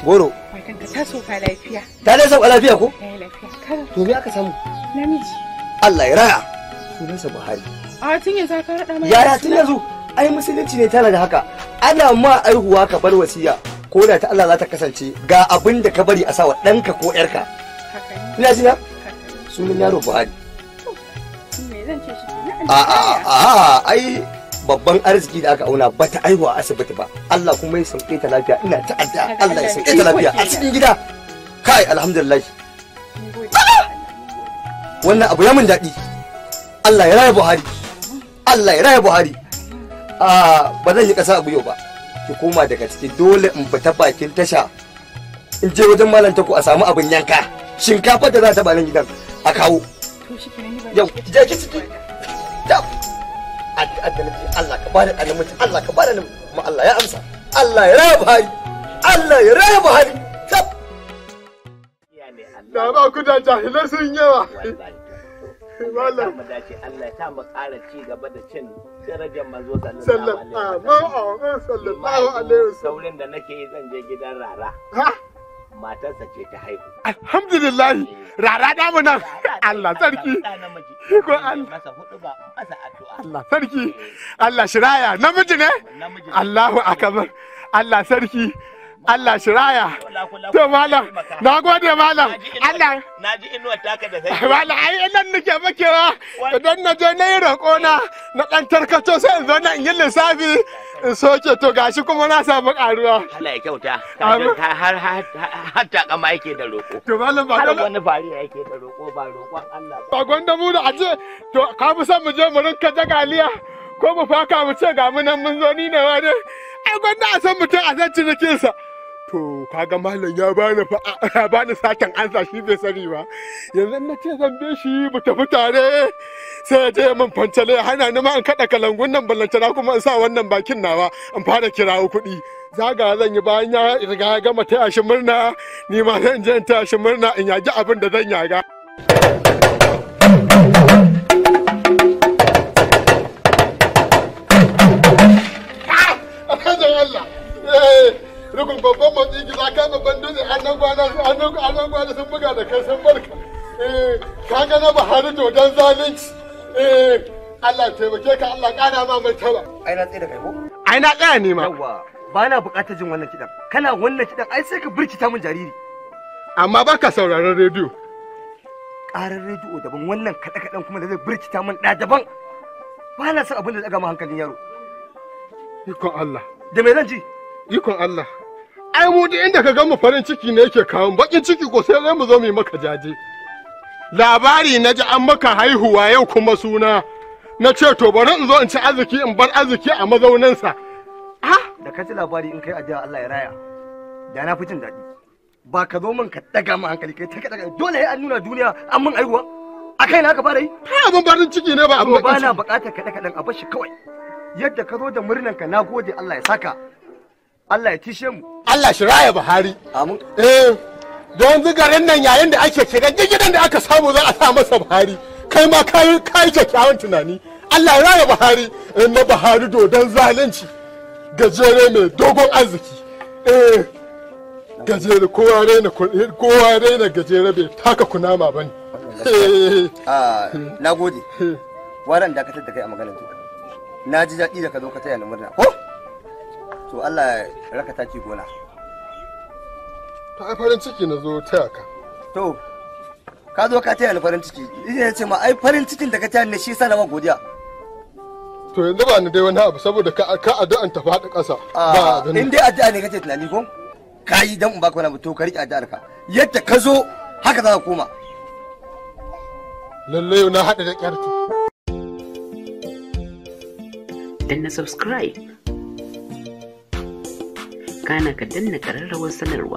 Goro. Matanka ta sauka lafiya. Ta dai sauka lafiya ko? Eh, lafiya To me aka samu? Namiji. Allah ya raya. Sunansa Buhari. A tun yanzu ka raɗa mai. Yara tun yanzu ai musulunci ne tana da haka. Ana ma aihuwa ka bar wasiya. Ko da ta Allah za ta kasance ga abin da ka bari a sawa ɗanka ko ƴarka. Ina jina? Sunan yaro Buhari. a ai babban arziki da aka auna ba ta aiwa asibiti ba Allah kuma ya sauke ta lafiya ina ta adda Allah ya sauke ta lafiya a cikin gida kai alhamdulillah wannan abu ya mun daɗi Allah ya raya Buhari Allah ya raya Buhari a ba zan yi ƙasa abu yau ba ki koma daga ciki dole in fita bakin tasha in je wajen malam tako a samu abin yanka shinkafa da za ta ba nan gidan a kawo yau ki je ki ciki tab addu'ar da nake Allah ka bada da namiji Allah ka bada namiji kuma Allah ya amsa Allah ya raya Buhari Allah ya raya Buhari tab da ba ku da jahilai sun yawa Allah ya mu ƙara ci gaba da cin darajar manzo sallallahu alaihi wasallam saurin da nake yi zan je gidan rara matarsa ce ta haihu alhamdulillah eh. rara damu nan Allah sarki Iko Allah. Masa hudu ba, masa addu'a. Allah sarki. Allah shiraya. Namiji ne? Allahu akbar. Allah sarki. Allah shiraya. To malam, na gode malam. Allah. Na ji inuwa taka da sai. Malam, ai nan nake makewa. Idan na je na yi roƙona na ɗan tarkato sai in zo na in yi lissafi. soke to gashi kuma na samu karuwa Allah ya kyauta har har ta kama yake da roko to malam ba da wani bari yake da roko ba roƙon Allah ba gwanda mu da aje to ka fi son mu je mu rinka jagaliya ko mu faka mu ce ga mu nan mun zo ni ne wani ai gwanda a san mutum a san cinikin sa to kaga malam ya bani fa ya bani sakin ansa shi bai sani ba yanzu na ce zan bi shi mu tafi tare sai ya je min fancale ya hana ni ma in kada kalangun nan ballanta na kuma in sa wannan bakin nawa in fara kirawo kuɗi zaga zan yi bayan ya riga ya gama taya shi murna ni ma zan je in taya shi murna in yagi abin da zan yaga. Eh, rukun babban motsi gida kan babban dutse annan gwana sun buga da kai sun barka. Eh, ka gana Buhari to don zalunci. eh Allah taimake ka Allah ƙara ma mai taba ai na tsaye da kai ko ai na tsaya ne ma yawa ba na buƙatar jin wannan kidan kana wannan kidan ai sai ka birkita min jariri amma baka sauraron rediyo ƙarar rediyo daban wannan kaɗe-kaɗen kuma da zai birkita min ɗa daban ba na son abin da daga ma hankalin yaro ikon Allah da me zan ji ikon Allah ai mu duk inda ka gama farin ciki ne yake kawo bakin ciki ko sai zai mu zo mu yi maka jaje labari na ji an maka haihuwa yau kuma suna na ce to bari in zo in ci arziki in bar arziki a mazauninsa ah! da ka ci labari in kai ajiya Allah ya raya da na fi jin daɗi ba ka zo min ka daga mu hankali kai ta daga dole ai an nuna duniya an mun aiwa a kai na ka fara yi kai abin barin ciki ne ba abu ba na ka kaɗe dan a bashi kawai yadda ka zo da murnan ka na gode Allah ya saka Allah ya tishe mu Allah shi raya Buhari amin eh don garin nan yayin da ake kiran gidan da aka samu za a sa masa buhari kai ma ka kai kyakkyawan tunani allah ya raya buhari na buhari dodon zalunci gajere mai dogon arziki eh gajere kowa raina kowa raina gajere bai taka kunama ba ne eh. ah, na gode waran dakatar da kai a maganar duka na ji daɗi da ka zo ka taya ni murna ko to allah ya raka taki gona ta farin ciki na zo taya ka to ka zo ka taya ni farin ciki ina ce ma ai farin cikin da ka taya ni shi yasa na godiya to yanzu ba ni dai wani abu saboda ka ka addu'an ta faɗi ƙasa ba ah, in dai addu'a ne tunani ko ka yi dan in baka wani abu to ka riƙe addu'ar ka yadda ka zo haka za ka koma lallai na haɗa da danna subscribe kana ka danna ƙararrawar sanarwa